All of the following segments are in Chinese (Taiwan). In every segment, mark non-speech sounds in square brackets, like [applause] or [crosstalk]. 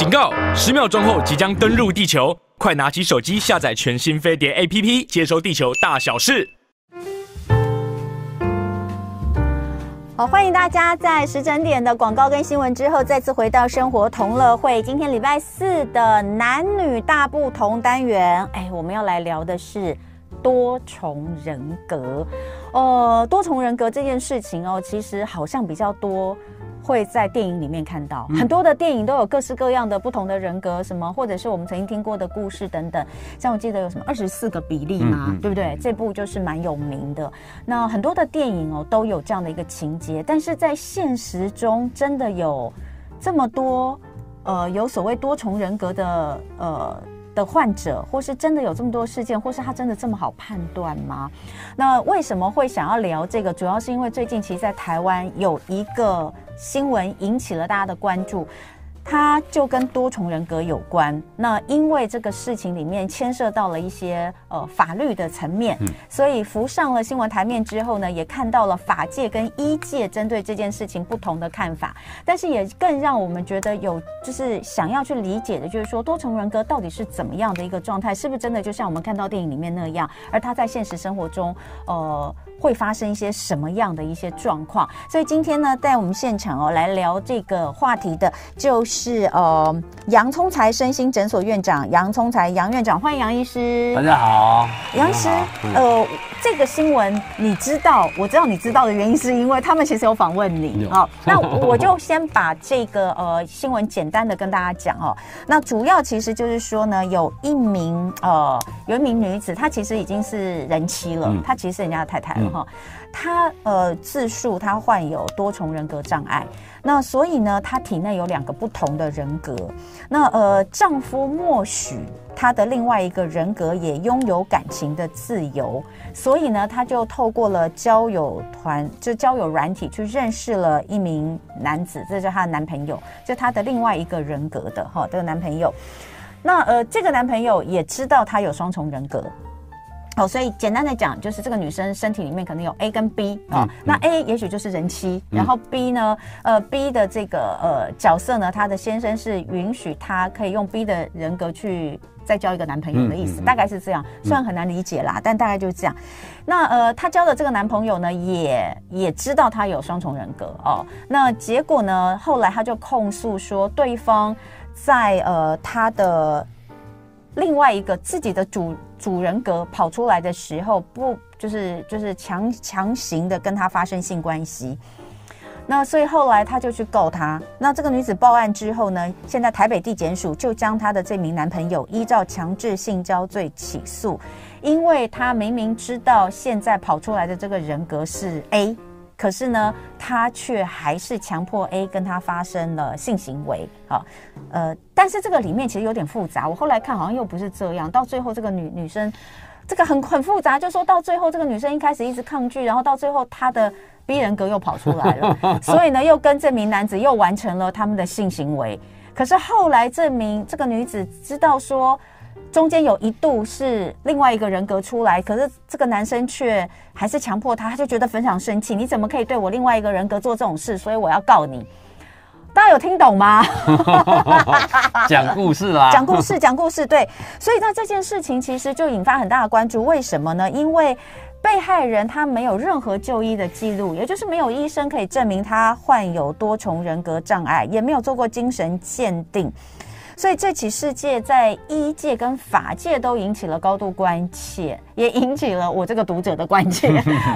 警告！十秒鐘後即將登入地球，快拿起手機下載全新飛碟 APP，接收地球大小事。好，歡迎大家在十整點的廣告跟新聞之後，再次回到生活同樂會。今天禮拜四的男女大不同單元，哎，我們要來聊的是多重人格。呃，多重人格這件事情哦，其實好像比較多。會在電影裡面看到，很多的電影都有各式各樣的不同的人格，什麼或者是我們曾經聽過的故事等等。像我記得有什麼二十四個比利嘛，對不對？這部就是蠻有名的。那很多的電影哦都有這樣的一個情節，但是在現實中真的有這麼多呃，有所謂多重人格的呃的患者，或是真的有這麼多事件，或是他真的這麼好判斷嗎？那為什麼會想要聊這個？主要是因為最近其實，在台灣有一個。新聞引起了大家的關注。他就跟多重人格有關。那因為這個事情裡面牽涉到了一些呃法律的層面，所以浮上了新聞台面之後呢，也看到了法界跟醫界針對這件事情不同的看法。但是也更讓我們覺得有就是想要去理解的，就是說多重人格到底是怎麼樣的一個狀態？是不是真的就像我們看到電影裡面那樣？而他在現實生活中呃會發生一些什麼樣的一些狀況？所以今天呢，在我們現場哦來聊這個話題的就。是呃，楊聰才身心診所院長楊聰財楊院長，歡迎楊醫師。大家好，楊醫師，呃，這個新聞你知道，我知道你知道的原因是因為他們其實有訪問你，好，哦，那我就先把這個呃新聞簡單的跟大家講哦，那主要其實就是說呢，有一名呃有一名女子，她其實已經是人妻了，嗯，她其實是人家的太太了哈，哦嗯。她呃自述她患有多重人格障礙。那所以呢，她體內有兩個不同的人格。那呃，丈夫默許她的另外一個人格也擁有感情的自由，所以呢，她就透過了交友團，就交友軟體去認識了一名男子，這是她的男朋友，就她的另外一個人格的哈，這個男朋友。那呃，這個男朋友也知道她有雙重人格。所以簡單的講，就是這個女生身體裡面可能有 A 跟 B、哦嗯嗯、那 A 也許就是人妻，然後 B 呢，呃，B 的這個呃角色呢，她的先生是允許她可以用 B 的人格去再交一個男朋友的意思，嗯嗯嗯嗯、大概是這樣，雖然很難理解啦，嗯、但大概就是這樣。那呃，她交的這個男朋友呢，也也知道她有雙重人格哦。那結果呢，後來她就控訴說，對方在呃她的。另外一個自己的主主人格跑出來的時候不，不就是就是強強行的跟他發生性關係，那所以後來他就去告他。那這個女子報案之後呢，現在台北地檢署就將她的這名男朋友依照強制性交罪起訴，因為他明明知道現在跑出來的這個人格是 A。可是呢，他卻還是強迫 A 跟他發生了性行為，好、啊，呃，但是這個裡面其實有點複雜，我後來看好像又不是這樣，到最後這個女女生，這個很很複雜，就說到最後這個女生一開始一直抗拒，然後到最後她的 B 人格又跑出來了， [laughs] 所以呢又跟這名男子又完成了他們的性行為。可是後來證明，這個女子知道說，中間有一度是另外一個人格出來，可是這個男生卻還是強迫他，他就覺得非常生氣。你怎麼可以對我另外一個人格做這種事？所以我要告你。大家有聽懂嗎？講 [laughs] 故事啊，講故事，講故事。對，所以那這件事情其實就引發很大的關注。為什麼呢？因為被害人他沒有任何就醫的記錄，也就是沒有醫生可以證明他患有多重人格障礙，也沒有做過精神鑑定。所以這起事件在醫界跟法界都引起了高度關切，也引起了我這個讀者的關切。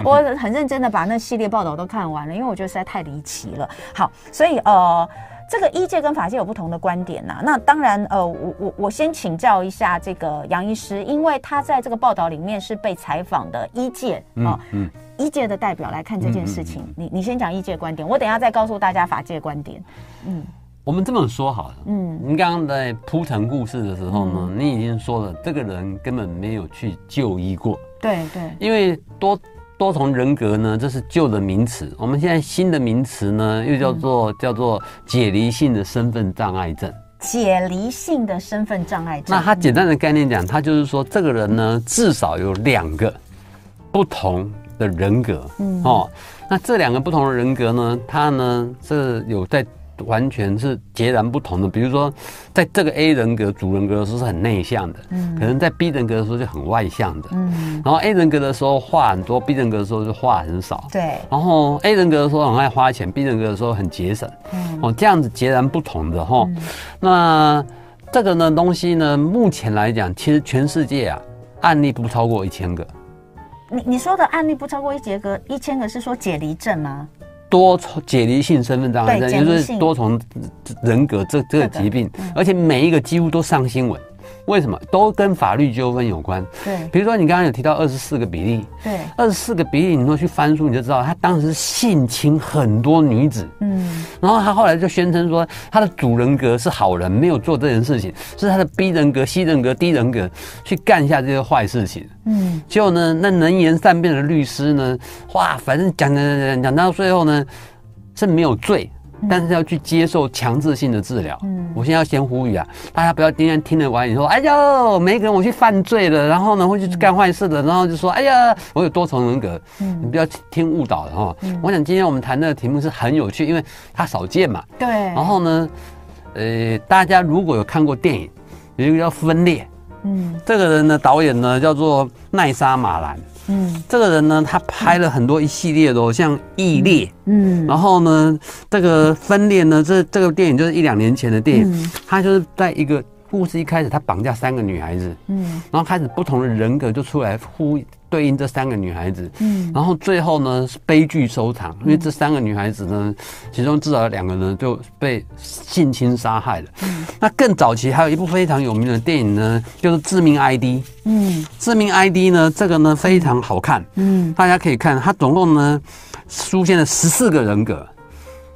我很認真的把那系列報道都看完了，因為我覺得實在太離奇了。好，所以呃，這個醫界跟法界有不同的觀點吶、啊。那當然呃，我我我先請教一下這個楊醫師，因為他在這個報道裡面是被採訪的醫界啊、呃嗯嗯，醫界的代表，來看這件事情。你你先講醫界觀點，我等一下再告訴大家法界觀點。嗯。我們這麼說好了。嗯，你剛剛在鋪陳故事的時候呢，嗯、你已經說了這個人根本沒有去就醫過。對對。因為多多重人格呢，這是舊的名詞。我們現在新的名詞呢，又叫做、嗯、叫做解離性的身份障礙症。解離性的身份障礙症。那它簡單的概念講，它、嗯、就是說這個人呢，至少有兩個不同的人格。嗯。哦，那這兩個不同的人格呢，他呢是有在。完全是截然不同的。比如說，在這個 A 人格、主人格的時候是很內向的，嗯，可能在 B 人格的時候就很外向的，嗯，然後 A 人格的時候話很多，B 人格的時候就話很少，對，然後 A 人格的時候很愛花錢，B 人格的時候很節省，嗯，哦，這樣子截然不同的哈、嗯。那這個呢東西呢，目前來講，其實全世界啊案例不超過一千個。你你說的案例不超過一千個，一千個是說解離症嗎？多重解離性身份障礙症，也就是多重人格這這個疾病，而且每一個幾乎都上新聞。嗯為什麼都跟法律糾紛有關？對，比如說你剛剛有提到二十四個比利，對，二十四個比利，你說去翻書，你就知道他當時性侵很多女子，嗯，然後他後來就宣稱說他的主人格是好人，沒有做這件事情，是他的 B 人格、C 人格、D 人格去幹一下這些壞事情，嗯，結果呢，那能言善辯的律師呢，哇，反正講講講講到最後呢，是沒有罪。但是要去接受強制性的治療。嗯，我現在要先呼籲啊，大家不要今天聽了完以後，哎呦，每個人我去犯罪了，然後呢會去幹壞事的、嗯，然後就說，哎呀，我有多重人格。嗯，你不要聽誤導的哈、嗯。我想今天我們談的題目是很有趣，因為它少見嘛。對。然後呢，呃，大家如果有看過電影，有一個叫《分裂》，嗯，這個人的導演呢叫做奈莎馬蘭。嗯，這個人呢，他拍了很多一系列的，像《異裂》，嗯，然後呢，這個分裂呢，這這個電影就是一兩年前的電影，他就是在一個故事一開始，他綁架三個女孩子，嗯，然後開始不同的人格就出來呼，對應這三個女孩子，嗯，然後最後呢是悲劇收場，因為這三個女孩子呢，其中至少有兩個呢就被性侵殺害了。嗯，那更早期還有一部非常有名的電影呢，就是《致命 ID》。嗯，《致命 ID》呢，這個呢非常好看。嗯，大家可以看，它總共呢出現了十四個人格。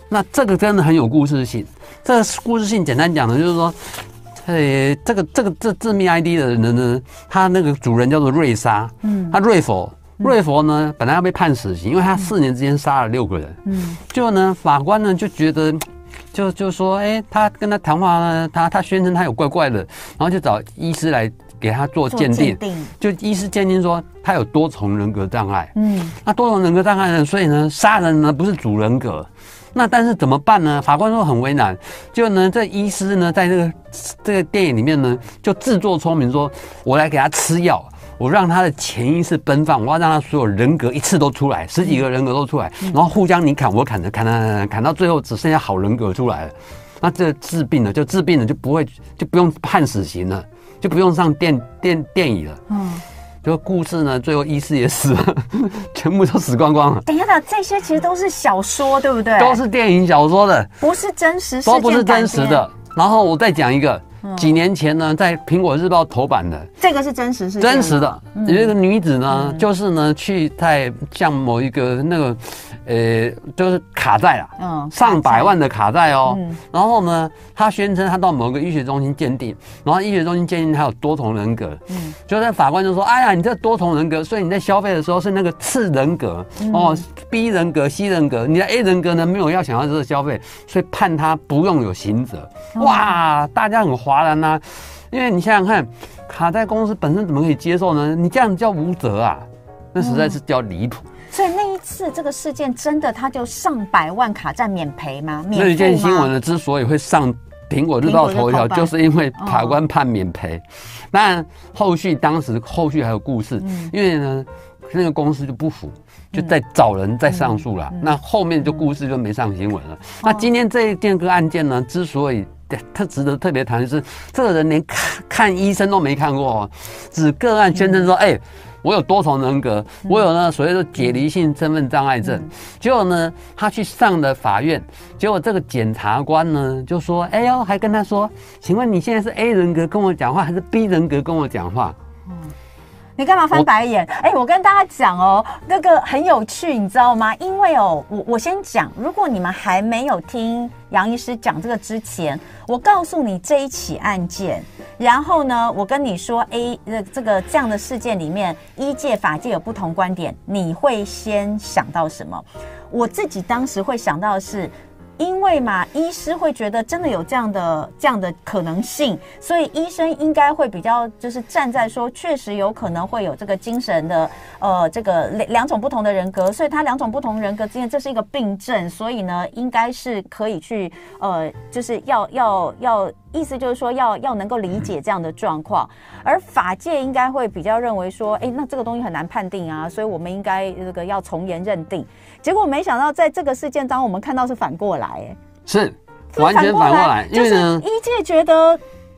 那這個真的很有故事性。這個故事性簡單講呢，就是說。哎、這個，這個這個這致命 ID 的人呢，他那個主人叫做瑞莎。嗯，他瑞佛，瑞佛呢、嗯、本來要被判死刑，因為他四年之間殺了六個人，嗯，就呢法官呢就覺得，就就說，哎，他跟他談話呢，他他宣稱他有怪怪的，然後就找醫師來給他做鑑定，鑑定就醫師鑑定說他有多重人格障礙，嗯，那、啊、多重人格障礙呢，所以呢殺人呢不是主人格。那但是怎麼辦呢？法官說很為難，就呢這醫師呢在這個這個電影裡面呢就自作聰明說，我來給他吃藥，我讓他的潛意識奔放，我要讓他所有人格一次都出來，十幾個人格都出來，然後互相你砍我砍的砍砍砍，砍到最後只剩下好人格出來了，那這治病了就治病了就不會就不用判死刑了，就不用上電電電椅了，嗯。就故事呢，最後醫師也死了，呵呵，全部都死光光了。等一下，這些其實都是小說，對不對？都是電影小說的，不是真實，都不是真實的。然後我再講一個。幾年前呢，在《蘋果日報》頭版的，這個是真實，是真實的，有、嗯、一個女子呢，嗯、就是呢去在像某一個那個，呃、欸，就是卡債了，嗯，上百萬的卡債哦、喔嗯，然後呢，她宣稱她到某個醫學中心鑑定，然後醫學中心鑑定她有多重人格，嗯，就在法官就說，哎呀，你這多重人格，所以你在消費的時候是那個次人格哦，B 人格、C 人格，你的 A 人格呢沒有要想要這個消費，所以判他不用有刑責，哇，哦、大家很。華人啊，因為你想想看，卡債公司本身怎麼可以接受呢？你這樣叫無責啊，那實在是叫離譜。所以那一次這個事件真的，他就上百萬卡債免賠嗎，嗎？那一件新聞呢，之所以會上蘋果日報頭條，就是因為法官判免賠。那、嗯、後續當時後續還有故事，因為呢那個公司就不服，就在找人在上訴了、嗯嗯嗯。那後面就故事就沒上新聞了、嗯。那今天這一件個案件呢，之所以。他值得特別談，就是這個人連看看醫生都沒看過，只個案宣稱說：“哎、嗯欸，我有多重人格、嗯，我有呢，所謂的解離性身份障礙症。嗯”結果呢，他去上了法院，結果這個檢察官呢就說：“哎、欸、呦，還跟他說，請問你現在是 A 人格跟我講話，還是 B 人格跟我講話？”嗯你幹嘛翻白眼？哎，我跟大家講哦，那個很有趣，你知道嗎？因為哦，我我先講，如果你們還沒有聽楊醫師講這個之前，我告訴你這一起案件，然後呢，我跟你說欸，這個這樣的事件裡面，醫界、法界有不同觀點，你會先想到什麼？我自己當時會想到的是。因為嘛，醫師會覺得真的有這樣的這樣的可能性，所以醫生應該會比較就是站在說，確實有可能會有這個精神的呃這個兩種不同的人格，所以他兩種不同人格之間這是一個病症，所以呢，應該是可以去呃就是要要要，要意思就是說要，要要能夠理解這樣的狀況，而法界應該會比較認為說，哎、欸，那這個東西很難判定啊，所以我們應該這個要從嚴認定。結果沒想到，在這個事件當中，我們看到是反過來、欸，是，完全反過來，因為呢，就是醫界覺得，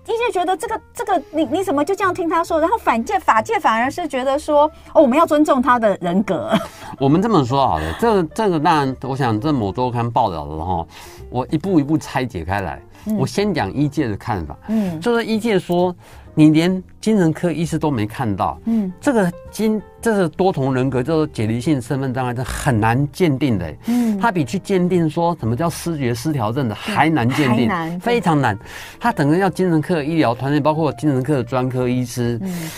醫界覺得這個這個你你怎麼就這樣聽他說？然後反界法界反而是覺得說，哦，我們要尊重他的人格。 [laughs] 我們這麼說好了，這個、這個當然，我想這某周刊報道了齁，我一步一步拆解開來。嗯、我先講醫界的看法，嗯，就是醫界說，你連精神科醫師都沒看到，嗯，這個精這是、個、多重人格，就是解離性身份障礙，是很難鑑定的，嗯，它比去鑑定說什麼叫思覺失調症的，嗯、還難鑑定難，非常難，它等於要精神科醫療團隊，包括精神科的專科醫師，嗯，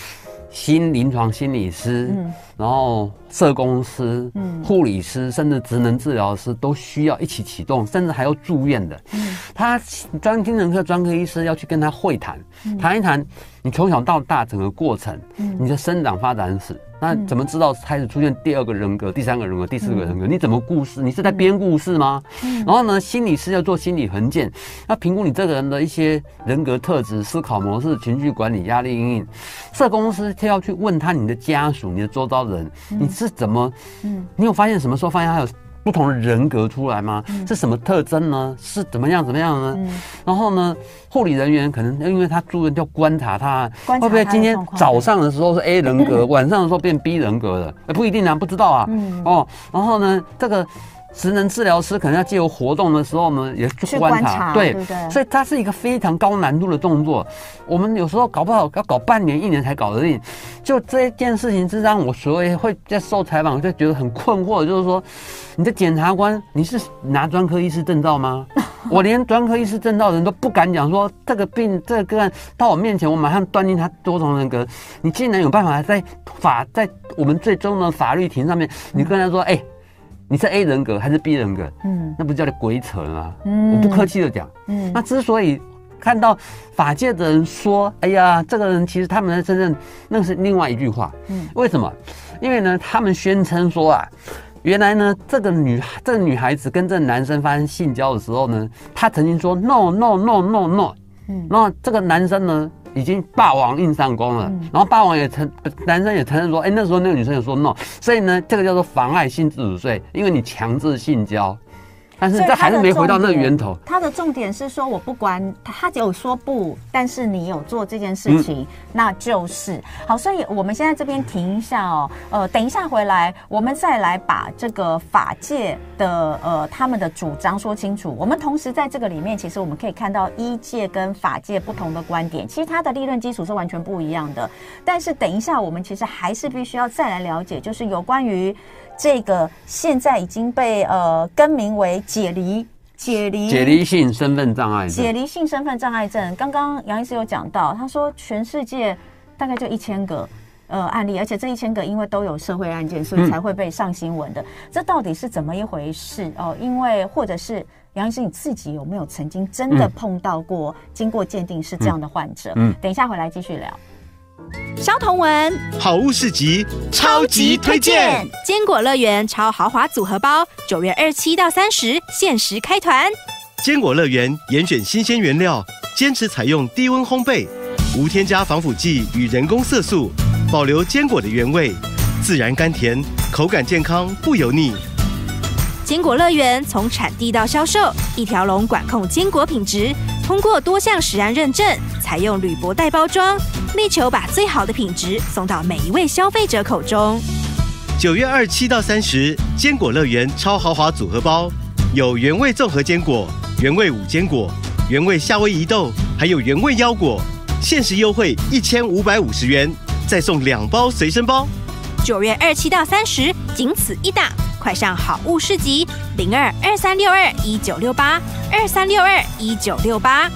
新臨床心理師，嗯。然後社工、嗯、師、護理師甚至職能治療師都需要一起啟動，甚至還要住院的。嗯、他專精神科專科醫師要去跟他會談，嗯、談一談你從小到大整個過程，嗯、你的生長發展史。嗯、那怎麼知道開始出現第二個人格、第三個人格、第四個人格？嗯、你怎麼故事？你是在編故事嗎？嗯、然後呢，心理師要做心理衡鑑，嗯，要評估你這個人的一些人格特質、思考模式、情緒管理、壓力因應。社工師就要去問他你的家屬、你的周遭人。人、嗯，你是怎麼？你有發現什麼時候發現他有不同的人格出來嗎？是什麼特徵呢？是怎麼樣怎麼樣呢？然後呢，護理人員可能因為他住院就觀察他，會不會今天早上的時候是 A 人格，晚上的時候變 B 人格了，欸？不一定啊，不知道啊。哦，然後呢，這個。職能治療師可能要借由活動的時候，我們也觀去觀察，對，對所以它是一個非常高難度的動作。我們有時候搞不好要搞半年、一年才搞得定。就這件事情，是讓我所以會在受採訪我就覺得很困惑，就是說，你的檢察官，你是拿專科醫師證照嗎？ [laughs] 我連專科醫師證照的人都不敢講說這個病這個,個案到我面前，我馬上斷定他多重人格。你竟然有辦法在法在我們最終的法律庭上面，你跟他說，哎、嗯。欸你是 A 人格還是 B 人格？嗯，那不叫做鬼扯啊、嗯！我不客氣的講，嗯，那之所以看到法界的人說，嗯、哎呀，這個人其實他們在真正那是另外一句話，嗯，為什麼？因為呢，他們宣稱說啊，原來呢，這個女這個女孩子跟這個男生發生性交的時候呢，她曾經說 no no no no no，, no 嗯，然後這個男生呢。已經霸王硬上弓了，嗯，然後霸王也承男生也承認說，哎，那時候那個女生也說 no，所以呢，這個叫做妨礙性自主罪，因為你強制性交。但是這還是沒回到那個源頭。他，他的重點是說，我不管他有說不，但是你有做這件事情，嗯，那就是好。所以我們現在這邊停一下哦、喔，呃，等一下回來，我們再來把這個法界的呃他們的主張說清楚。我們同時在這個裡面，其實我們可以看到醫界跟法界不同的觀點，其實它的立論基礎是完全不一樣的。但是等一下，我們其實還是必須要再來了解，就是有關於。這個現在已經被呃更名為解離，解離，解離性身份障礙症，解離性身份障礙症。剛剛楊醫師有講到，他說全世界大概就一千個呃案例，而且這一千個因為都有社會案件，所以才會被上新聞的。嗯。這到底是怎麼一回事哦？呃，因為或者是楊醫師你自己有沒有曾經真的碰到過，嗯，經過鑑定是這樣的患者？嗯，等一下回來繼續聊。蕭彤雯，好物市集超級，超級推薦，堅果樂園超豪華組合包，九月二十七到三十限時開團。堅果樂園嚴選新鮮原料，堅持採用低溫烘焙，無添加防腐劑與人工色素，保留堅果的原味，自然甘甜，口感健康不油膩。堅果樂園從產地到銷售一條龍管控堅果品質，通過多項食安認證，採用鋁箔袋包裝。力求把最好的品質送到每一位消費者口中。九月二七到三十，堅果樂園超豪華組合包，有原味綜合堅果、原味五堅果、原味夏威夷豆，還有原味腰果，限時優惠一千五百五十元，再送兩包隨身包。九月二七到三十，僅此一檔，快上好物市集，零二二三六二一九六八，二三六二一九六八。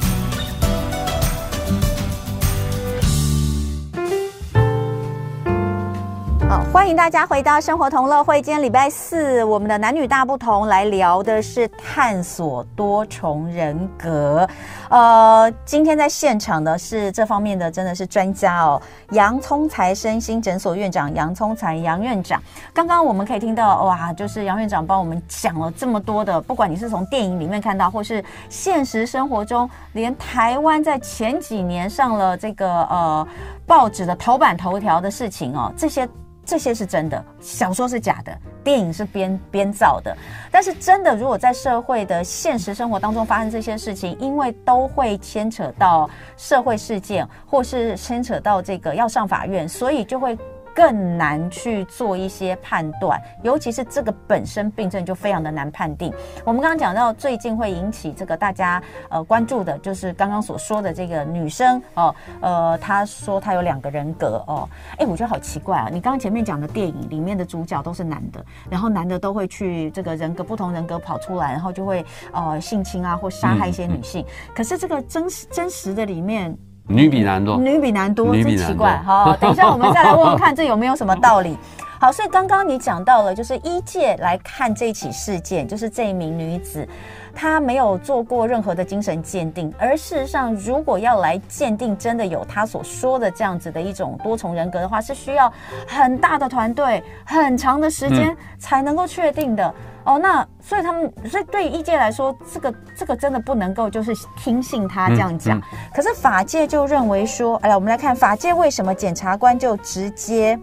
歡迎大家回到生活同樂會間。今天禮拜四，我們的男女大不同來聊的是探索多重人格。呃，今天在現場的是這方面的真的是專家哦，楊聰才身心診所院長楊聰財楊院長。剛剛我們可以聽到哇，就是楊院長幫我們講了這麼多的，不管你是從電影裡面看到，或是現實生活中，連台灣在前幾年上了這個呃報紙的頭版頭條的事情哦，這些。這些是真的，小說是假的，電影是編編造的。但是真的，如果在社會的現實生活當中發生這些事情，因為都會牽扯到社會事件，或是牽扯到這個要上法院，所以就會。更難去做一些判斷，尤其是這個本身病症就非常的難判定。我們剛剛講到最近會引起這個大家呃關注的，就是剛剛所說的這個女生哦，呃，她說她有兩個人格哦，誒、呃欸，我覺得好奇怪啊！你剛剛前面講的電影裡面的主角都是男的，然後男的都會去這個人格不同人格跑出來，然後就會呃性侵啊或殺害一些女性，嗯嗯、可是這個真實真實的裡面。女比男多，女比男多，真奇怪。好，等一下我們再來問問看，這有沒有什麼道理？ [laughs] 好，所以剛剛你講到了，就是醫界來看這起事件，就是這一名女子，她沒有做過任何的精神鑑定，而事實上，如果要來鑑定，真的有她所說的這樣子的一種多重人格的話，是需要很大的團隊、很長的時間才能夠確定的。嗯哦、oh,，那所以他們，所以對於醫界來說，這個這個真的不能夠就是聽信他這樣講、嗯嗯。可是法界就認為說，哎、啊、呀，我們來看法界為什麼檢察官就直接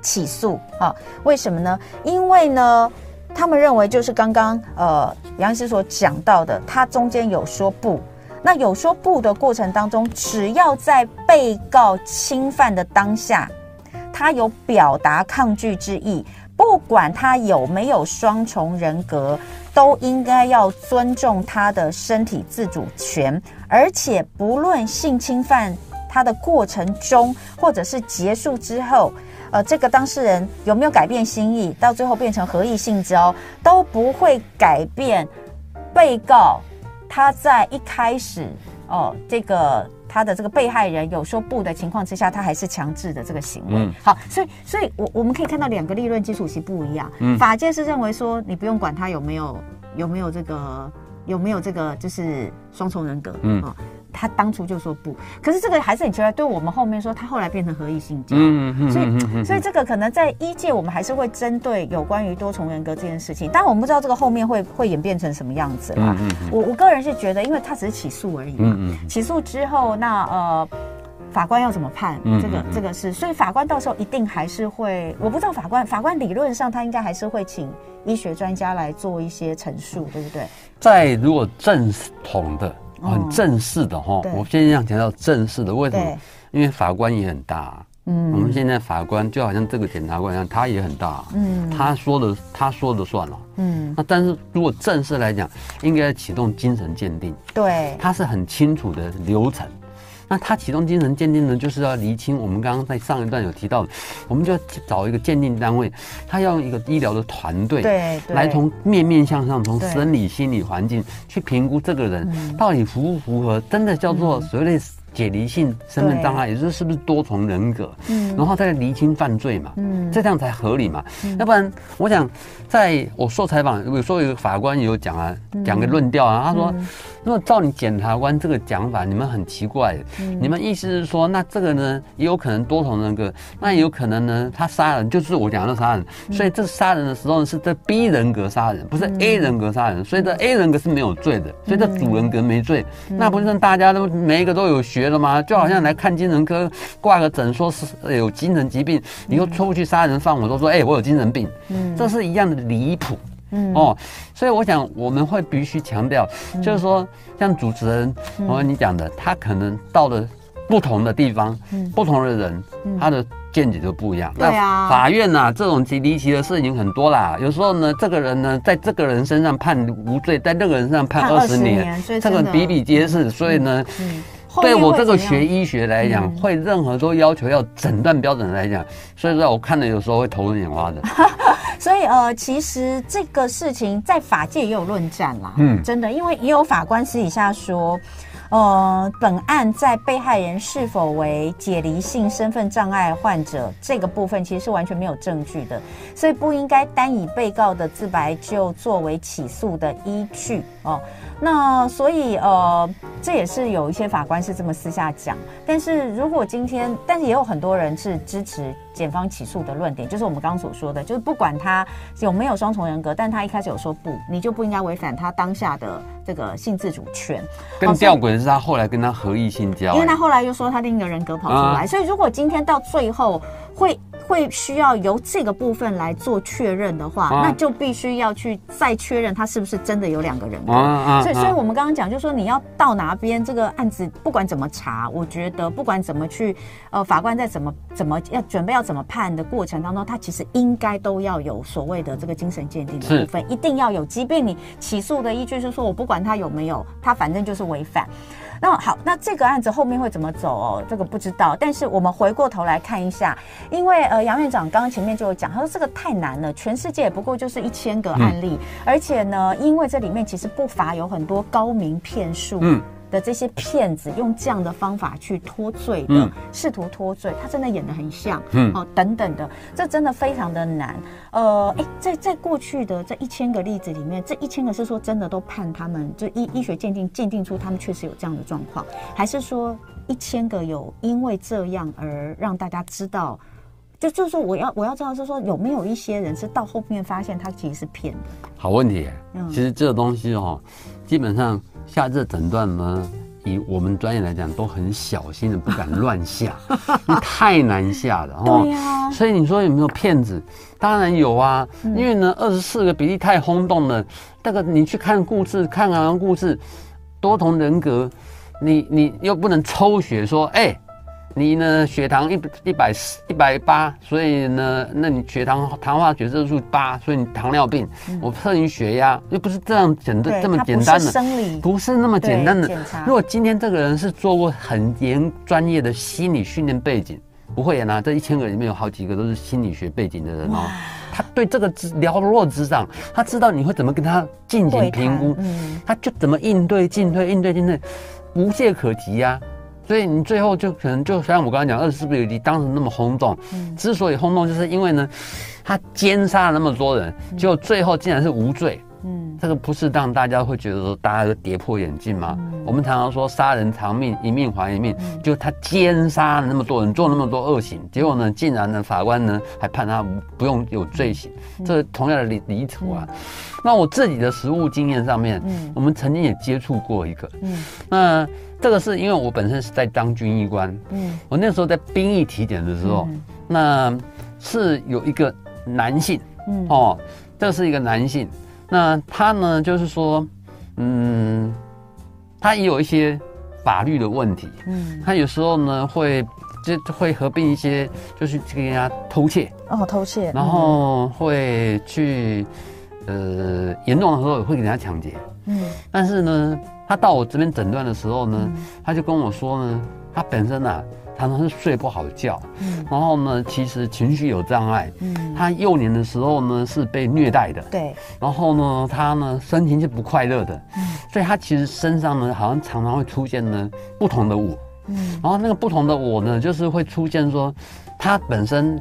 起訴啊？為什麼呢？因為呢，他們認為就是剛剛呃楊醫師所講到的，他中間有說不，那有說不的過程當中，只要在被告侵犯的當下，他有表達抗拒之意。不管他有沒有雙重人格，都應該要尊重他的身體自主權，而且不論性侵犯他的過程中，或者是結束之後，呃，這個當事人有沒有改變心意，到最後變成合意性交，都不會改變被告他在一開始。哦，這個他的這個被害人有說不的情況之下，他還是強制的這個行為。嗯。好，所以，所以，我我們可以看到兩個理論基礎其實不一樣。嗯，法界是認為說，你不用管他有沒有有沒有這個有沒有這個就是雙重人格。嗯、哦他當初就說不，可是這個還是很奇怪。對我們後面說，他後來變成合意性交、嗯嗯，所以、嗯嗯嗯、所以這個可能在醫界，我們還是會針對有關於多重人格這件事情。但我們不知道這個後面會會演變成什麼樣子啦。嗯嗯嗯、我我個人是覺得，因為他只是起訴而已嘛、嗯嗯，起訴之後，那呃法官要怎麼判？嗯、這個這個是，所以法官到時候一定還是會，我不知道法官法官理論上他應該還是會請醫學專家來做一些陳述，對不對？在如果正統的。很正式的哈、哦，我現在想講到正式的，為什麼？因為法官也很大，嗯，我們現在法官就好像這個檢察官一樣，他也很大，嗯，他說的他說的算了，嗯，那但是如果正式來講，應該啟動精神鑑定，對，他是很清楚的流程。那他啟動精神鑑定呢，就是要釐清我們剛剛在上一段有提到，我們就要找一個鑑定單位，他要用一個醫療的團隊，對，來從面面向上，從生理、心理環境去評估這個人到底符不符合，真的叫做所謂解離性身份障礙，也就是是不是多重人格，嗯，然後再釐清犯罪嘛，嗯，這樣才合理嘛，要不然，我想在我受採訪，比如說有個法官有講啊，講個論調啊，他說。那麼照你檢察官這個講法，你們很奇怪，嗯，你們意思是說，那這個呢也有可能多重人格，那也有可能呢他殺人就是我講的殺人，嗯，所以這殺人的時候是在 B 人格殺人，不是 A 人格殺人，嗯，所以這 A 人格是沒有罪的，所以這主人格沒罪，嗯嗯，那不是大家都每一個都有學了嗎？就好像來看精神科掛個診，說是有精神疾病，以後出去殺人放火，我都說，哎，欸，我有精神病，嗯，這是一樣的離譜。嗯哦，所以我想我們會必須強調，嗯、就是說，像主持人我跟、嗯、你講的，他可能到了不同的地方，嗯、不同的人、嗯，他的見解就不一樣。嗯、那啊對啊，法院吶，這種極離奇的事情很多啦。有時候呢，這個人呢，在這個人身上判無罪，在那個人身上判二十年，年，這個比比皆是。嗯、所以呢，嗯。嗯對我這個學醫學來講，會任何都要求要診斷標準來講，所以說我看了有時候會頭昏眼花的 [laughs] 。所以呃，其實這個事情在法界也有論戰啦。嗯，真的，因為也有法官私底下說，呃，本案在被害人是否為解離性身份障礙患者這個部分，其實是完全沒有證據的，所以不應該單以被告的自白就作為起訴的依據哦。那所以呃，這也是有一些法官。是這麼私下講，但是如果今天，但是也有很多人是支持。檢方起訴的論點就是我們剛剛所說的，就是不管他有沒有雙重人格，但他一開始有說不，你就不應該違反他當下的這個性自主權。跟吊詭的是，他後來跟他合意性交，欸，因為他後來又說他另一個人格跑出來。啊、所以如果今天到最後會會需要由這個部分來做確認的話，啊、那就必須要去再確認他是不是真的有兩個人格啊啊啊啊。所以，所以我們剛剛講，就是說你要到哪邊這個案子，不管怎麼查，我覺得不管怎麼去，呃，法官再怎麼怎麼要準備要。怎麼判的過程當中，他其實應該都要有所謂的這個精神鑑定的部分，一定要有。即便你起訴的依據是說，我不管他有沒有，他反正就是違反。那好，那這個案子後面會怎麼走？哦，這個不知道。但是我們回過頭來看一下，因為呃，楊院長剛剛前面就有講，他說這個太難了，全世界也不過就是一千個案例。嗯，而且呢，因為這裡面其實不乏有很多高明騙術。嗯。這些騙子用這樣的方法去脫罪的，嗯、試圖脫罪，他真的演得很像，嗯，哦，等等的，這真的非常的難。呃，哎，在在過去的這一千個例子裡面，這一千個是說真的都判他們，就醫醫學鑑定鑑定出他們確實有這樣的狀況，還是說一千個有因為這樣而讓大家知道？就就是說，我要我要知道是說有沒有一些人是到後面發現他其實是騙的？好問題，欸嗯，其實這個東西哦，基本上。下這診斷呢，以我們專業來講，都很小心的，不敢亂下，你 [laughs] 太難下了。哦。對、啊，所以你說有沒有騙子？當然有啊，嗯、因為呢，二十四個比利太轟動了。那個你去看故事，看完故事，多重人格，你你又不能抽血說，哎、欸。你呢？血糖一一百四一百八，所以呢，那你血糖糖化血色素八，所以你糖尿病。嗯、我測你血壓，又不是這樣簡單這麼簡單的不，不是那麼簡單的查。如果今天這個人是做過很嚴專業的心理訓練背景，不會啊！這一千個裡面有好幾個都是心理學背景的人哦，他對這個了如指掌，他知道你會怎麼跟他進行評估他、嗯，他就怎麼應對進退，應對進退，無懈可擊呀、啊。所以你最後就可能就，雖然我剛才講二十四個比利，當時那麼轟動，嗯，之所以轟動，就是因為呢，他姦殺了那麼多人，嗯，結果最後竟然是無罪，嗯，這個不是讓大家會覺得說大家都跌破眼鏡嗎、嗯？我們常常說殺人償命，一命還一命，嗯、就他姦殺了那麼多人，做那麼多惡行，結果呢，竟然呢，法官呢還判他不用有罪行，嗯、這是同樣的離離譜啊。那我自己的實務經驗上面，嗯，我們曾經也接觸過一個，嗯，那。這個是因為我本身是在當軍醫官，嗯，我那時候在兵役體檢的時候，那是有一個男性，嗯，哦，這是一個男性，那他呢就是說，嗯，他也有一些法律的問題，嗯，他有時候呢會就會合併一些，就是去給人家偷竊，哦，偷竊，然後會去，呃，嚴重的時候會給人家搶劫。嗯，但是呢，他到我這邊診斷的時候呢，他就跟我說呢，他本身啊常常是睡不好覺，嗯，然後呢，其實情緒有障礙，嗯，他幼年的時候呢是被虐待的，對，然後呢，他呢身體是不快樂的，嗯，所以他其實身上呢好像常常會出現呢不同的我，嗯，然後那個不同的我呢就是會出現說，他本身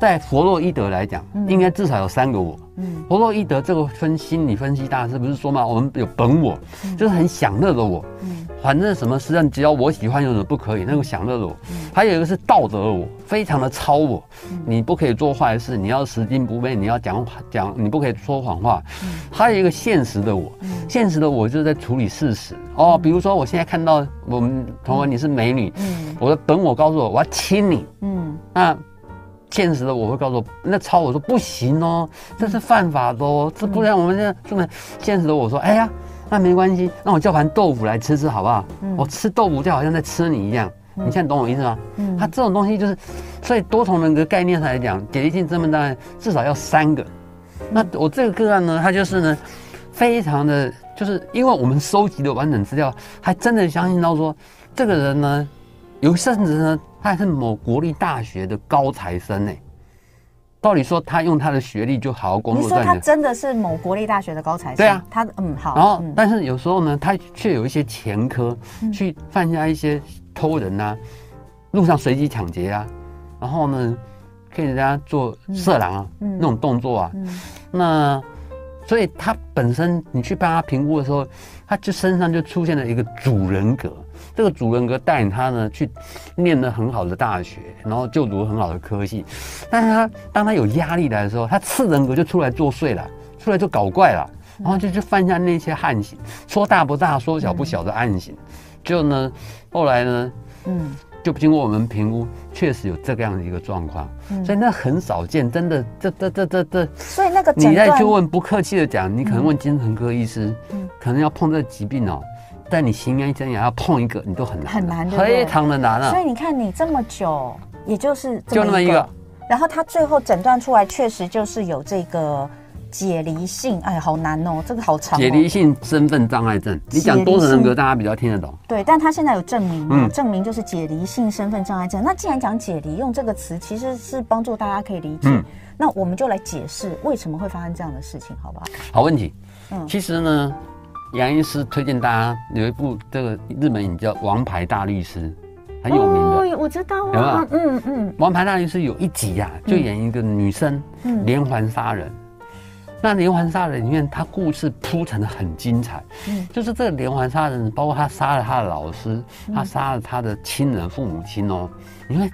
在佛洛伊德來講應該至少有三個我。嗯，佛洛伊德這個分心理分析大師不是說嗎？我們有本我，嗯、就是很享樂的我、嗯。反正什麼事情只要我喜歡，有什麼不可以？那個享樂的我、嗯。還有一個是道德的我，非常的超我、嗯，你不可以做壞事，你要拾金不昧，你要講講，你不可以說謊話、嗯。還有一個現實的我，嗯、現實的我就是在處理事實。哦，比如說我現在看到我們彤雯，你是美女、嗯嗯，我的本我告訴我，我要親你，嗯，那、啊。現實的我會告訴我，那超我說不行哦，這是犯法的哦，這不然我們現在就能現實的我說、嗯、哎呀，那沒關係，那我叫盤豆腐來吃吃好不好、嗯？我吃豆腐就好像在吃你一樣，嗯、你現在懂我意思嗎？嗯，他這種東西就是，所以多重人格概念上來講，給一性這麼大至少要三個。那我這個個案呢，他就是呢，非常的就是因為我們收集的完整資料，還真的相信到說這個人呢。有甚至呢，他是某國立大學的高材生呢，道理說他用他的學歷就好好工作賺他真的是某國立大學的高材生。對啊，他嗯好。然後、嗯，但是有時候呢，他卻有一些前科，去犯下一些偷人啊、嗯、路上隨機搶劫啊，然後呢，可以人家做色狼啊、嗯嗯、那種動作啊。嗯、那所以他本身，你去幫他評估的時候，他就身上就出現了一個主人格。這個主人格帶領他呢，去念了很好的大學，然後就讀了很好的科系，但是他當他有壓力來的時候，他次人格就出來作祟了，出來就搞怪了，然後就去犯下那些犯行，說大不大，說小不小的案型，就、嗯、呢，後來呢，嗯，就經過我們評估，確實有這樣的一個狀況、嗯，所以那很少見，真的，這這這這這，所以那個你再去問，不客氣的講，你可能問精神科醫師，嗯、可能要碰這個疾病哦。但你心面一整牙要碰一個，你都很難，很難。對對，非常的難。所以你看，你這麼久，也就是這就那麼一個。然後他最後診斷出來，確實就是有這個解離性，哎，好難哦，這個好長，哦。解離性身份障礙症，你講多重人格，大家比較聽得懂。對，但他現在有證明，嗯，證明就是解離性身份障礙症。那既然講解離，用這個詞其實是幫助大家可以理解。嗯、那我們就來解釋為什麼會發生這樣的事情，好不好？好問題。嗯，其實呢。楊醫師推薦大家有一部這個日本影叫《王牌大律師》，很有名的。我知道啊。嗯嗯嗯，《王牌大律師》有一集啊，就演一個女生連環殺人。那連環殺人裡面，他故事鋪陳的很精彩，嗯，就是這個連環殺人，包括他殺了他的老師，他殺了他的親人父母親哦。你看，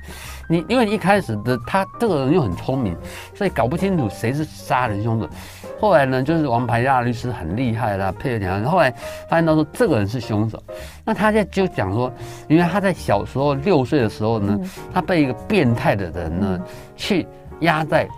你因為一開始的他這個人又很聰明，所以搞不清楚誰是殺人兇手。後來呢，就是王牌大律師很厲害啦，配合你來，後來發現到說這個人是兇手。那他在就講說，因為他在小時候六歲的時候呢，他被一個變態的人呢去壓在。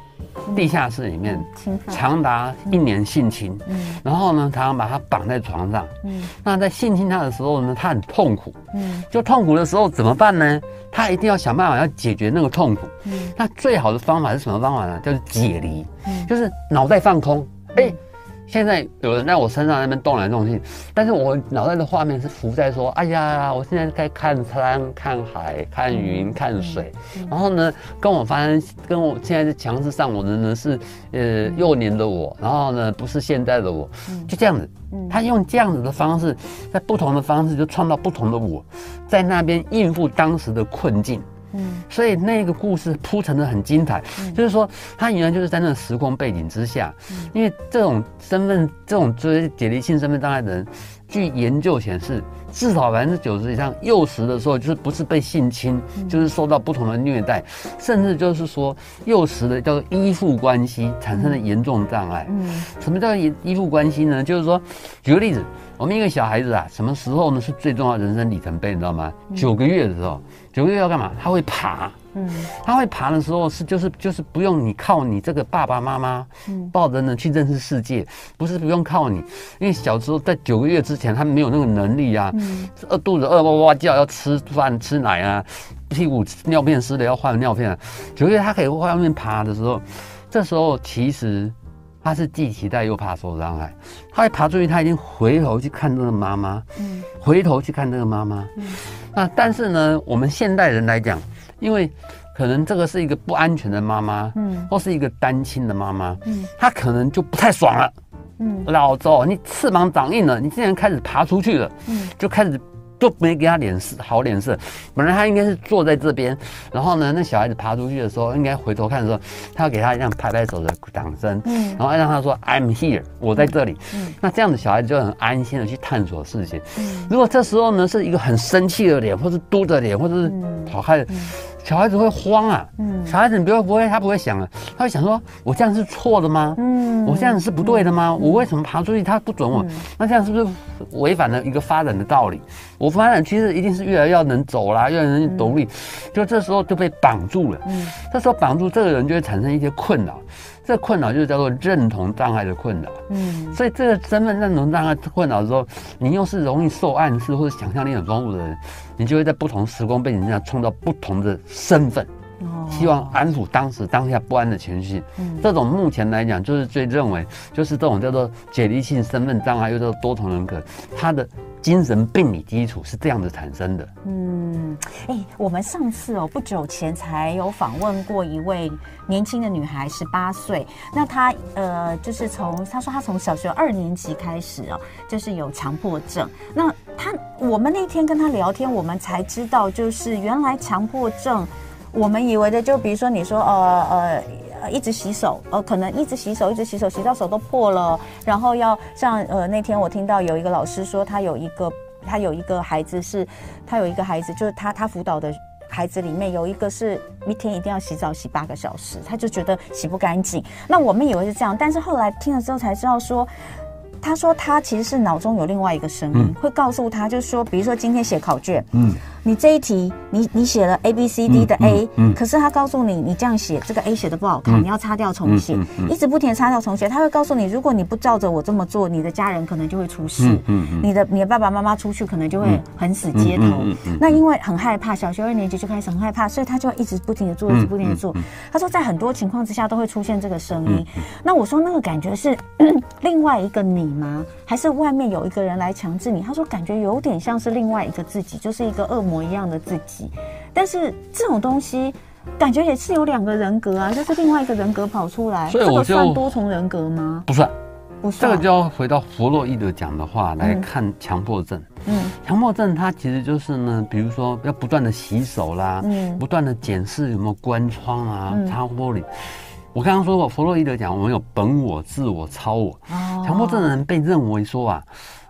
地下室裡面長達一年性侵，然後呢，他把他綁在床上，嗯，那在性侵他的時候呢，他很痛苦，嗯，就痛苦的時候怎麼辦呢？他一定要想辦法要解決那個痛苦，嗯，那最好的方法是什麼方法呢？就是解離，嗯，就是腦袋放空，哎。現在有人在我身上那邊動來動去，但是我腦袋的畫面是浮在說，哎呀，我現在在看山、看海、看雲、看水、嗯嗯。然後呢，跟我發生、跟我現在是強制上，我的人是，呃，幼年的我。然後呢，不是現在的我，就這樣子。他用這樣子的方式，在不同的方式就創造不同的我，在那邊應付當時的困境。嗯，所以那個故事鋪陳得很精彩，就是說他原來就是在那個時空背景之下，因為這種身份，這種就是解離性身份障礙的人。據研究顯示，至少百分之九十以上幼時的時候，就是不是被性侵、嗯，就是受到不同的虐待，甚至就是說幼時的叫做依附關係產生的嚴重障礙。嗯，什麼叫依依附關係呢？就是說，舉個例子，我們一個小孩子啊，什麼時候呢是最重要的人生里程碑？你知道嗎？九、嗯、個月的時候，九個月要幹嘛？他會爬。嗯，他會爬的時候是就是就是不用你靠你這個爸爸媽媽抱着呢，嗯、去認識世界，不是不用靠你，因為小時候在九個月之前，他沒有那個能力啊，嗯，餓肚子餓哇哇叫要吃飯吃奶啊，屁股尿片濕了要換尿片啊，九個月他可以往外面爬的時候，這時候其實他是既期待又怕受傷害，他會爬出去，他已經回頭去看那個媽媽，嗯，回頭去看那個媽媽，嗯，那、啊、但是呢，我們現代人來講。因為，可能這個是一個不安全的媽媽，嗯，或是一個單親的媽媽，嗯，她可能就不太爽了，嗯，老周，你翅膀長硬了，你竟然開始爬出去了，嗯，就開始就沒給他臉色好臉色、嗯，本來他應該是坐在這邊，然後呢，那小孩子爬出去的時候，應該回頭看的時候，他要給他一樣拍拍手的掌聲，嗯，然後讓他說、嗯、I'm here，我在這裡，嗯，嗯那這樣子小孩子就很安心的去探索事情。嗯，如果這時候呢是一個很生氣的臉，或是嘟的臉，或者是好看。嗯嗯小孩子會慌啊，嗯，小孩子你不會不會，他不會想了、啊。他會想說，我這樣是錯的嗎？嗯，我這樣是不對的嗎？嗯、我為什麼爬出去他不准我、嗯？那這樣是不是違反了一個發展的道理？我發展其實一定是越來越要能走啦，越來越能獨立、嗯，就這時候就被綁住了，嗯，這時候綁住這個人就會產生一些困擾。這困擾就是叫做認同障礙的困擾，嗯，所以這個身份認同障礙困擾的時候，你又是容易受暗示或者想象力很豐富的人，你就會在不同時空背景下創造不同的身份，哦，希望安撫當時當下不安的情緒，嗯。這種目前來講就是最認為就是這種叫做解離性身份障礙，又叫多重人格，它的。精神病理基礎是這樣子產生的。嗯，哎、欸，我們上次哦、喔，不久前才有訪問過一位年輕的女孩，十八歲。那她呃，就是從她說她從小學二年級開始哦、喔，就是有強迫症。那她，我們那天跟她聊天，我們才知道，就是原來強迫症，我們以為的，就比如說你說呃呃。呃呃，一直洗手，呃，可能一直洗手，一直洗手，洗到手都破了。然後要像呃，那天我聽到有一個老師說，他有一個他有一個孩子是，他有一個孩子就是他他輔導的孩子裡面有一個是一天一定要洗澡洗八個小時，他就覺得洗不乾淨。那我們以為是這樣，但是後來聽了之後才知道說，他說他其實是腦中有另外一個聲音會告訴他，就是說，比如說今天寫考卷。嗯你這一題，你你寫了 A B C D 的 A、嗯嗯、可是他告訴你，你這樣寫這個 A 寫的不好看，嗯、你要擦掉重寫、嗯嗯嗯，一直不停擦掉重寫。他會告訴你，如果你不照着我這麼做，你的家人可能就會出事，嗯嗯、你的你的爸爸媽媽出去可能就會橫死街頭、嗯嗯嗯。那因為很害怕，小學二年級就開始很害怕，所以他就要一直不停的做，一直不停的做、嗯嗯。他說，在很多情況之下都會出現這個聲音、嗯嗯。那我說，那個感覺是另外一個你嗎？還是外面有一個人來強制你？他說感覺有點像是另外一個自己，就是一個惡魔一樣的自己。但是這種東西感覺也是有兩個人格啊，就是另外一個人格跑出來，所以這個算多重人格嗎？不算，不算。這個就要回到弗洛伊德講的話來看強迫症。嗯，強迫症它其實就是呢，比如說要不斷的洗手啦，嗯，不斷的檢視有沒有關窗啊，擦、嗯、玻璃。我剛剛說過，弗洛伊德講我們有本我、自我、超我。啊，強迫症的人被認為說啊，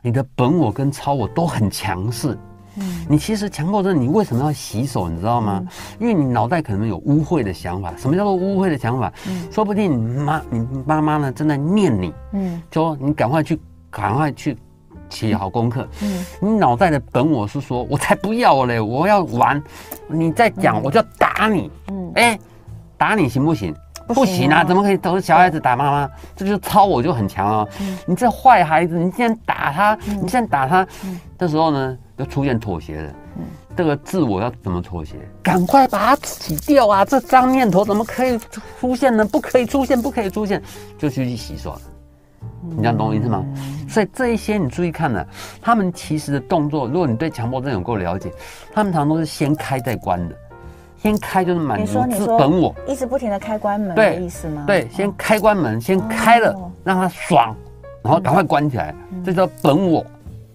你的本我跟超我都很強勢。嗯，你其實強迫症，你為什麼要洗手？你知道嗎？因為你腦袋可能有污穢的想法。什麼叫做污穢的想法？嗯，說不定你媽你媽媽呢正在念你。嗯，就說你趕快去，趕快去，寫好功課。嗯，你腦袋的本我是說，我才不要嘞，我要玩。你再講我就要打你。嗯，哎，打你行不行？不行啊！啊、怎麼可以都是小孩子打媽媽？這就是超我，就很強啊、哦嗯、你這壞孩子，你現在打他！你現在打他、嗯！這時候呢，就出現妥協了。這個自我要怎麼妥協？趕快把它洗掉啊！這髒念頭怎麼可以出現呢？不可以出現，不可以出現，就去去洗手。你這樣懂我意思嗎？所以這一些你注意看了、啊，他們其實的動作，如果你對強迫症有夠了解，他們常常都是先開再關的。先開就是滿足是本我，一直不停的開關門，的意思嗎？對？對，先開關門，先開了讓它爽，然後趕快關起來，這、嗯、叫本我，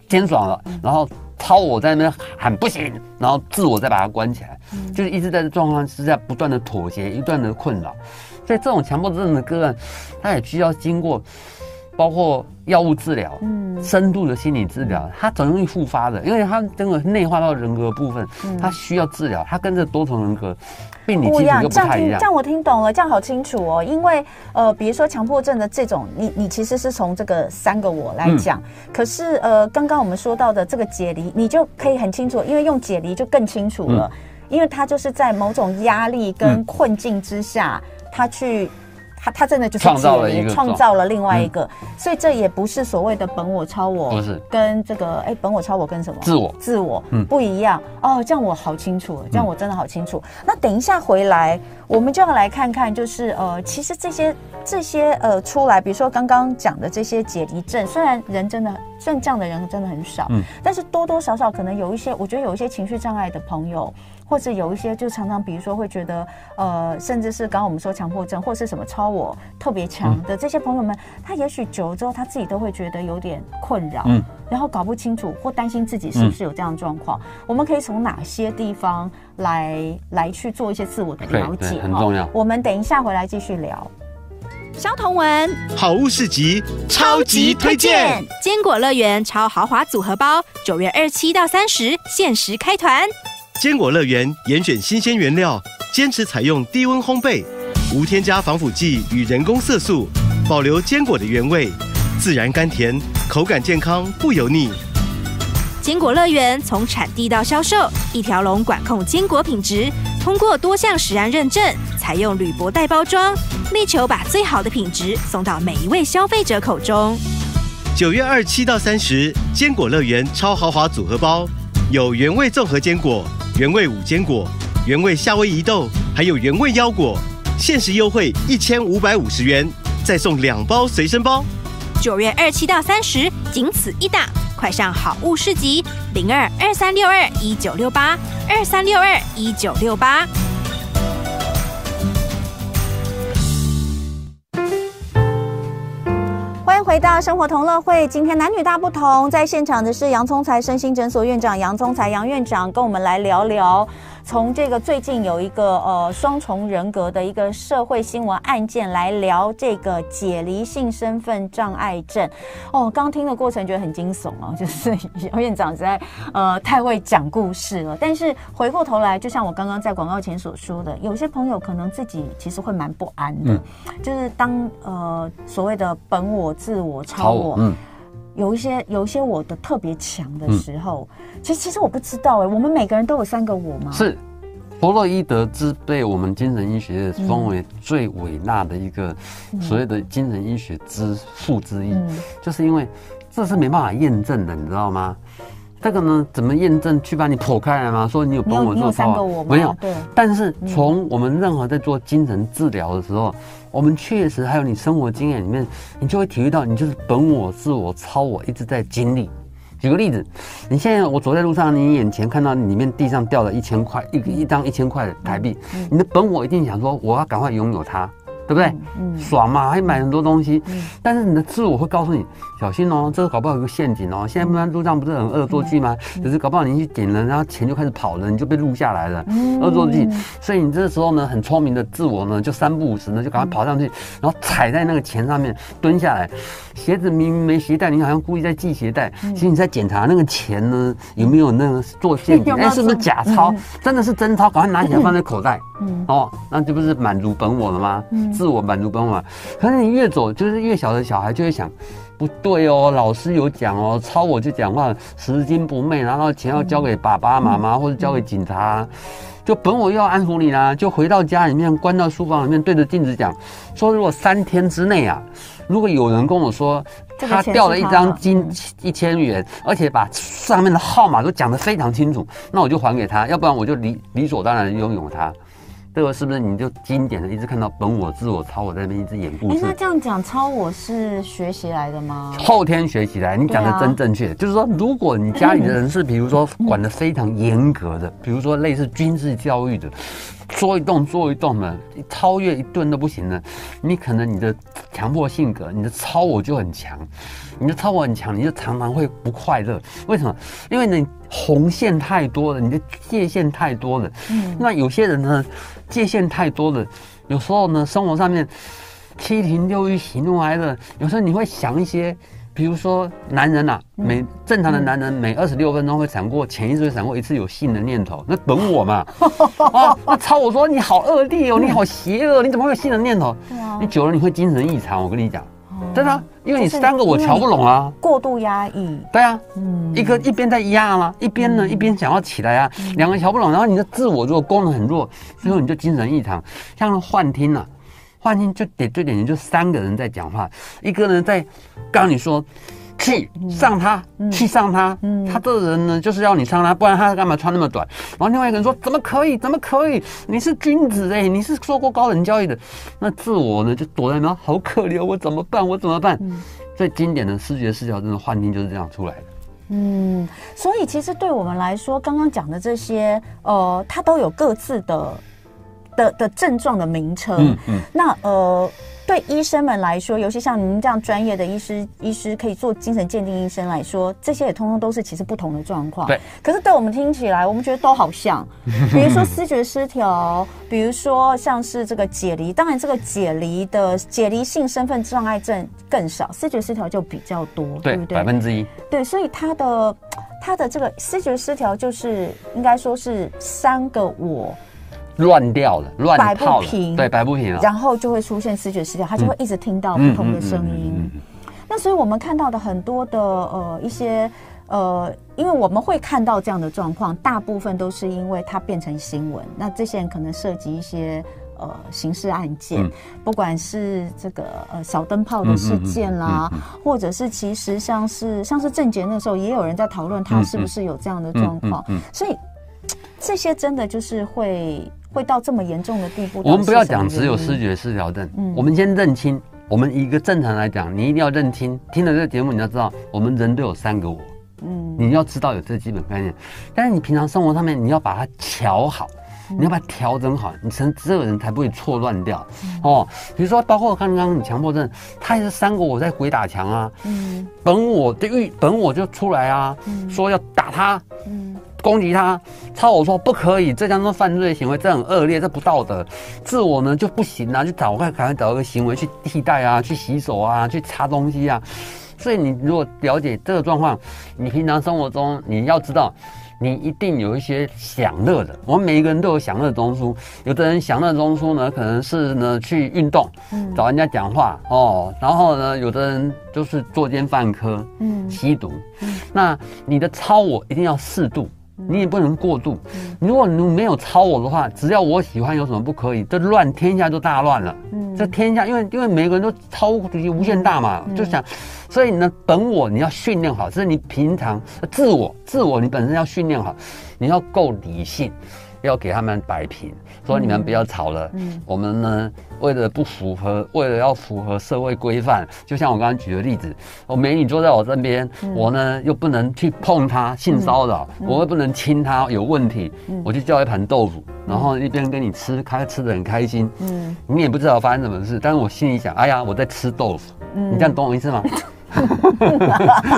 先爽了，然後超我在那邊喊不行，然後自我再把它關起來，嗯、就是一直在狀況之下不斷的妥協，不斷的困擾，所以這種強迫症的個案他也需要經過。包括藥物治療，嗯，深度的心理治療、嗯，它很容易復發的，因為它真的內化到人格部分、嗯，它需要治療。它跟着多重人格病理不一樣，樣，這樣聽這樣我聽懂了，這樣好清楚哦。因為呃，比如說強迫症的這種，你你其實是從這個三個我來講、嗯，可是呃，剛剛我們說到的這個解離，你就可以很清楚，因為用解離就更清楚了、嗯，因為它就是在某種壓力跟困境之下，他、嗯、去。他真的就創造了一個，創造了另外一個，一個、嗯，所以這也不是所謂的本我、超我、這個，不是跟這個哎，本我、超我跟什麼自我、自我、嗯、不一樣哦。這樣我好清楚，這樣我真的好清楚、嗯。那等一下回來，我們就要來看看，就是呃，其實這些這些呃出來，比如說剛剛講的這些解離症，雖然人真的像這樣的人真的很少，嗯，但是多多少少可能有一些，我覺得有一些情緒障礙的朋友。或者有一些就常常，比如說會覺得，呃，甚至是剛剛我們說強迫症，或是什麼超我特別強的、嗯、這些朋友們，他也許久了之後，他自己都會覺得有點困擾、嗯，然後搞不清楚或擔心自己是不是有這樣的狀況。我們可以從哪些地方來來去做一些自我的了解、嗯，很重要。好，我們等一下回來繼續聊。蕭彤雯，好物市集超級推薦堅果樂園超豪華組合包，九月二十七到三十限時開團。堅果樂園嚴選新鮮原料，堅持採用低溫烘焙，無添加防腐劑與人工色素，保留堅果的原味，自然甘甜，口感健康不油膩。堅果樂園從產地到銷售，一條龍管控堅果品質，通過多項食安認證，採用鋁箔袋包裝，力求把最好的品質送到每一位消費者口中。九月二七到三十，堅果樂園超豪華組合包有原味綜合堅果。原味五堅果、原味夏威夷豆，還有原味腰果，限時優惠一千五百五十元，再送兩包隨身包。九月二七到三十，僅此一檔，快上好物市集零二二三六二一九六八二三六二一九六八。大家生活同樂會，今天男女大不同。在現場的是楊聰才身心診所院長楊聰財，楊院長跟我們來聊聊。從這個最近有一個呃雙重人格的一個社會新聞案件來聊這個解離性身份障礙症，哦，我剛聽的過程覺得很驚悚哦，就是楊院長實在呃太會講故事了。但是回過頭來，就像我剛剛在廣告前所說的，有些朋友可能自己其實會蠻不安的，嗯、就是當呃所謂的本我、自我、超我。超嗯有一些有一些我的特別強的時候，嗯、其實其實我不知道哎、欸，我們每個人都有三個我嗎？是，弗洛伊德之被我們精神醫學界封為最偉大的一個所謂的精神醫學之父之一，嗯嗯，就是因為這是沒辦法驗證的，你知道嗎？這個呢，怎麼驗證？去把你剖開來嗎？說你有本我做操，你有三個我嗎？沒有。對。但是從我們任何在做精神治療的時候，嗯、我們確實還有你生活經驗裡面，你就會體會到，你就是本我、自我,我、超我一直在經歷。舉個例子，你現在我走在路上，你眼前看到你裡面地上掉了一千塊，一個一張一千塊的台幣，你的本我一定想說，我要趕快擁有它。對不對、嗯嗯？爽嘛，還買很多東西。嗯、但是你的自我會告訴你、嗯，小心哦、喔，這個搞不好有個陷阱哦、喔。現在路上不是很惡作劇嗎、嗯？就是搞不好你去點了，然後錢就開始跑了，你就被錄下來了，惡、嗯、作劇。所以你這時候呢，很聰明的自我呢，就三不五十三不五時呢，就趕快跑上去、嗯，然後踩在那個錢上面蹲下來，鞋子明明沒鞋帶，你好像故意在繫鞋帶。其、嗯、實你在檢查那個錢呢有沒有那個做陷阱？哎、嗯欸、是不是假鈔、嗯？真的是真鈔，趕快拿起來放在口袋。嗯嗯哦，那這不是滿足本我了嗎？自我滿足本我、嗯。可是你越走，就是越小的小孩就會想，不對哦，老師有講哦，超我就講話，拾金不昧，然後錢要交給爸爸媽媽、嗯、或者交給警察，就本我又要安撫你啦、啊，就回到家裡面關到書房裡面，對着鏡子講，說如果三天之內啊，如果有人跟我說他掉了一張金一千元，而且把上面的號碼都講得非常清楚，那我就還給他，要不然我就理理所當然擁有他。這個是不是你就經典的一直看到本我、自我、超我在那邊一直演不？哎、欸，那這樣講，超我是學習來的嗎？後天學習來，你講的真正確、啊，就是說，如果你家裡的人是比如說管得非常嚴格的、嗯，比如說類似軍事教育的。做一頓做一頓的，超越一頓都不行了。你可能你的強迫性格，你的超我就很強。你的超我很強，你就常常會不快樂。為什麼？因為你紅線太多了，你的界限太多了。嗯。那有些人呢，界限太多了。有時候呢，生活上面七情六慾、喜怒哀樂，有時候你會想一些。比如說，男人吶、啊，每正常的男人每二十六分鐘會閃過前一次閃過一次有性的念頭，那等我嘛， [laughs] 哦、那超我說你好惡劣哦， [laughs] 你好邪惡，你怎麼會有性的念頭、啊？你久了你會精神異常。我跟你講、哦，真的、啊，因為你三個、就是、你我瞧不攏啊，過度壓抑，對啊，嗯、一個一邊在壓嘛，一邊呢、嗯、一邊想要起來啊，兩個瞧不攏，然後你的自我如果功能很弱，最、嗯、後你就精神異常，像幻聽啊。幻聽就點對點，等於就三個人在講話，一個人在剛剛你說，去上他，去、嗯、上他、嗯，他的人呢就是要你上他，不然他幹嘛穿那麼短？然後另外一個人說怎麼可以，怎麼可以？你是君子哎，你是受過高等教育的，那自我呢就躲在那，好可憐、哦，我怎麼辦？我怎麼辦？最、嗯、經典的思覺失調，真的幻聽就是這樣出來的。嗯，所以其實對我們來說，剛剛講的這些，呃，他都有各自的。的的症狀的名稱、嗯嗯，那呃，對醫生們來說，尤其像您這樣專業的醫師，醫師可以做精神鑑定醫生來說，這些也通通都是其實不同的狀況。對，可是對我們聽起來，我們覺得都好像，比如說思覺失調， [laughs] 比如說像是這個解離，當然這個解離的解離性身份障礙症更少，思覺失調就比較多對，對不對？百分之一，對，所以他的他的這個思覺失調，就是應該說是三個我。亂掉了，擺不平，對，擺不平了。然後就會出現思覺失調，他就會一直聽到不同的聲音、嗯。那所以我們看到的很多的呃一些呃，因為我們會看到這樣的狀況，大部分都是因為它變成新聞。那這些人可能涉及一些呃刑事案件、嗯，不管是這個呃小燈泡的事件啦、嗯，嗯嗯嗯嗯嗯、或者是其實像是像是鄭捷那時候，也有人在討論他是不是有這樣的狀況。所以這些真的就是會會到這麼嚴重的地步？我們不要講只有思覺失調症，嗯，我們先認清。我們一個正常來講，你一定要認清。聽了這個節目，你要知道，我們人都有三個我。嗯，你要知道有這基本概念。但是你平常生活上面，你要把它調好，嗯，你要把它調整好，你成這個人才不會錯亂掉，嗯、哦。比如說，包括剛剛你強迫症，他也是三個我在鬼打牆啊。嗯，本我的慾，本我就出來啊、嗯，說要打他。嗯。攻擊他，超我說不可以，這叫做犯罪行為，這很惡劣，這不道德。自我呢就不行啊，就找快趕快找一個行為去替代啊，去洗手啊，去擦東西啊。所以你如果了解這個狀況，你平常生活中你要知道，你一定有一些享樂的。我們每一個人都有享樂中樞，有的人享樂中樞呢可能是呢去運動，找人家講話哦，然後呢有的人就是作奸犯科，嗯，吸毒。嗯嗯，那你的超我一定要適度。你也不能過度。如果你沒有超我的話，只要我喜歡，有什麼不可以？這亂天下就大亂了。這天下，因為因為每個人都超級無限大嘛，就想，所以呢，本我你要訓練好，是你平常自我自我你本身要訓練好，你要夠理性。要給他們擺平，說你們不要吵了嗯。嗯，我們呢，為了不符合，為了要符合社會規範，就像我剛剛舉的例子，我美女坐在我身邊、嗯，我呢又不能去碰她性騷擾、嗯，我又不能親她有問題，嗯、我就叫一盤豆腐、嗯，然後一邊跟你吃，她吃得很開心。嗯，你也不知道發生什麼事，但是我心裡想，哎呀，我在吃豆腐。嗯、你這樣懂我意思嗎？嗯、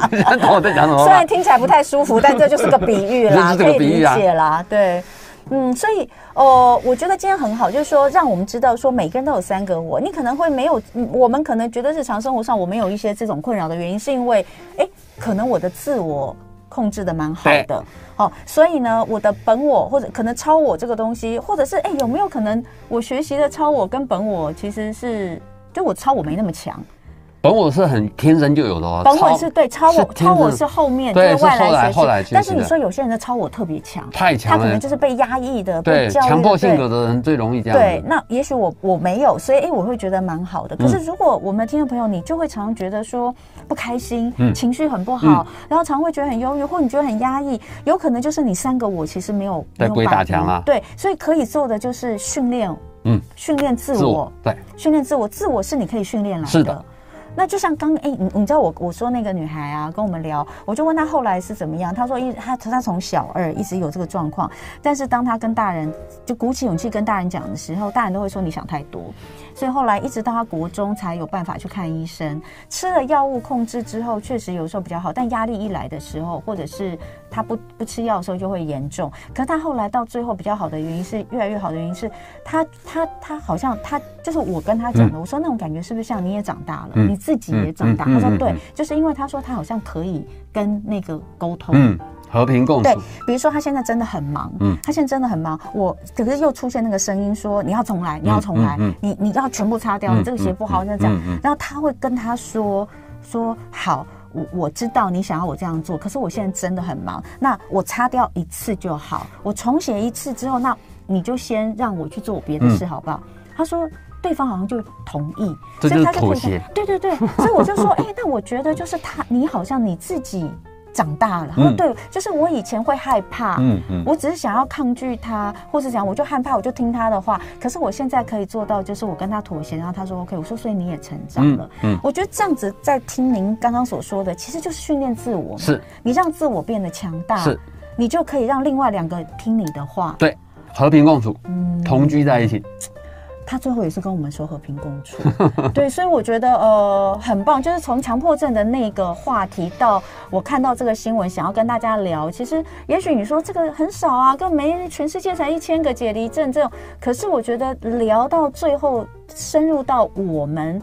[laughs] [laughs] 你這樣懂我在講什麼？ [laughs] 雖然聽起來不太舒服，但這就是個比喻啦， [laughs] 可以理解啦。對。嗯，所以哦、呃，我覺得今天很好，就是說，讓我們知道，說每個人都有三個我。你可能會沒有，嗯、我們可能覺得日常生活上我們有一些這種困擾的原因，是因為，哎，可能我的自我控制的蠻好的，好、哦，所以呢，我的本我或者可能超我這個東西，或者是哎，有沒有可能我學習的超我跟本我其實是，就我超我沒那麼強。本我是很天生就有的、哦，本我是，超是對超我超，超我是後面對，對是外來學。是後來，後來學，但是你說有些人的超我特別強，太強了他可能就是被壓抑的對，被教育。強迫性格的人最容易這樣。對，那也許我我沒有，所以哎、欸，我會覺得蠻好的、嗯。可是如果我們聽眾朋友，你就會常覺得說不開心，嗯、情緒很不好、嗯，然後常會覺得很憂鬱、嗯，或你覺得很壓抑，有可能就是你三個我其實沒有。對，鬼打牆、啊、對，所以可以做的就是訓練，嗯，訓練自，自我，對，訓練自我，自我是你可以訓練來的。那就像剛哎，你、欸、你知道我我說那個女孩啊，跟我們聊，我就問她後來是怎麼樣？她說一她她從小二一直有這個狀況，但是當她跟大人就鼓起勇氣跟大人講的時候，大人都會說你想太多。所以後來一直到她國中才有辦法去看醫生，吃了藥物控制之後，確實有時候比較好，但壓力一來的時候，或者是她不不吃藥的時候就會嚴重。可是她後來到最後比較好的原因是越來越好的原因是她她她好像她就是我跟她講的，我說那種感覺是不是像你也長大了？嗯。自己也長大、嗯嗯嗯，他說對，就是因為他說他好像可以跟那個溝通，嗯，和平共處。對，比如說他現在真的很忙，嗯，他現在真的很忙。我可是又出現那個聲音說，你要重來，你要重來，嗯嗯、你你要全部擦掉、嗯，你這個寫不好，像、嗯、這樣、嗯嗯嗯。然後他會跟他說說好，我我知道你想要我這樣做，可是我現在真的很忙。那我擦掉一次就好，我重寫一次之後，那你就先讓我去做我別的事，好不好？嗯、他說。對方好像就同意，這就是妥協，所以他就妥協，對對對， [laughs] 所以我就說，哎、欸，那我覺得就是他，你好像你自己長大了，嗯、然後對，就是我以前會害怕，嗯嗯，我只是想要抗拒他，或是想我就害怕，我就聽他的話。可是我現在可以做到，就是我跟他妥協，然後他說 OK，我說所以你也成長了。嗯嗯，我覺得這樣子在聽您剛剛所說的，其實就是訓練自我嘛，是你讓自我變得強大，是，你就可以讓另外兩個聽你的話，對，和平共處，同居在一起。嗯他最後也是跟我們說和平共處，對，所以我覺得呃很棒，就是從強迫症的那個話題到我看到這個新聞，想要跟大家聊。其實也許你說這個很少啊，跟沒全世界才一千個解離症這種，可是我覺得聊到最後深入到我們。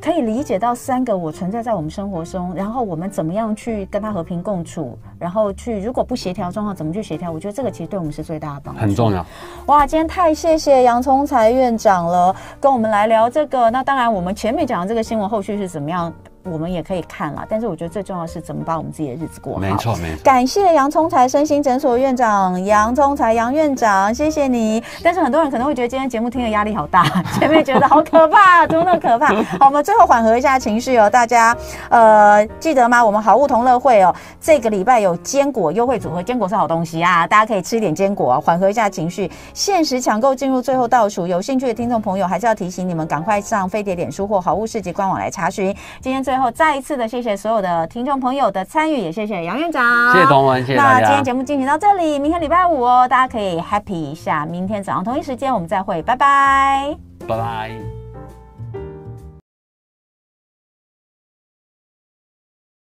可以理解到三個我存在在我們生活中，然後我們怎麼樣去跟他和平共處，然後去如果不協調狀況怎麼去協調？我覺得這個其實對我們是最大的幫助，很重要。哇，今天太謝謝楊聰財院長了，跟我們來聊這個。那當然，我們前面講的這個新聞後續是怎麼樣？我們也可以看了，但是我覺得最重要的是怎麼把我們自己的日子過好。沒錯，沒錯。感謝楊聰才身心診所院長楊聰才楊院長，謝謝你。但是很多人可能會覺得今天節目聽的壓力好大， [laughs] 前面覺得好可怕，怎麼那麼可怕？好，我們最後緩和一下情緒哦、喔，大家呃記得嗎？我們好物同樂會哦、喔，這個禮拜有堅果優惠組合，堅果是好東西啊，大家可以吃一點堅果啊、喔，緩和一下情緒。限時搶購進入最後倒數，有興趣的聽眾朋友還是要提醒你們，趕快上飛碟臉書或好物市集官網來查詢。今天最。最後再一次的謝謝所有的聽眾朋友的參與，也謝謝楊院長，謝謝同文，謝謝。那今天節目進行到這裡，明天禮拜五哦，大家可以 happy 一下，明天早上同一時間我們再會，拜拜，拜拜。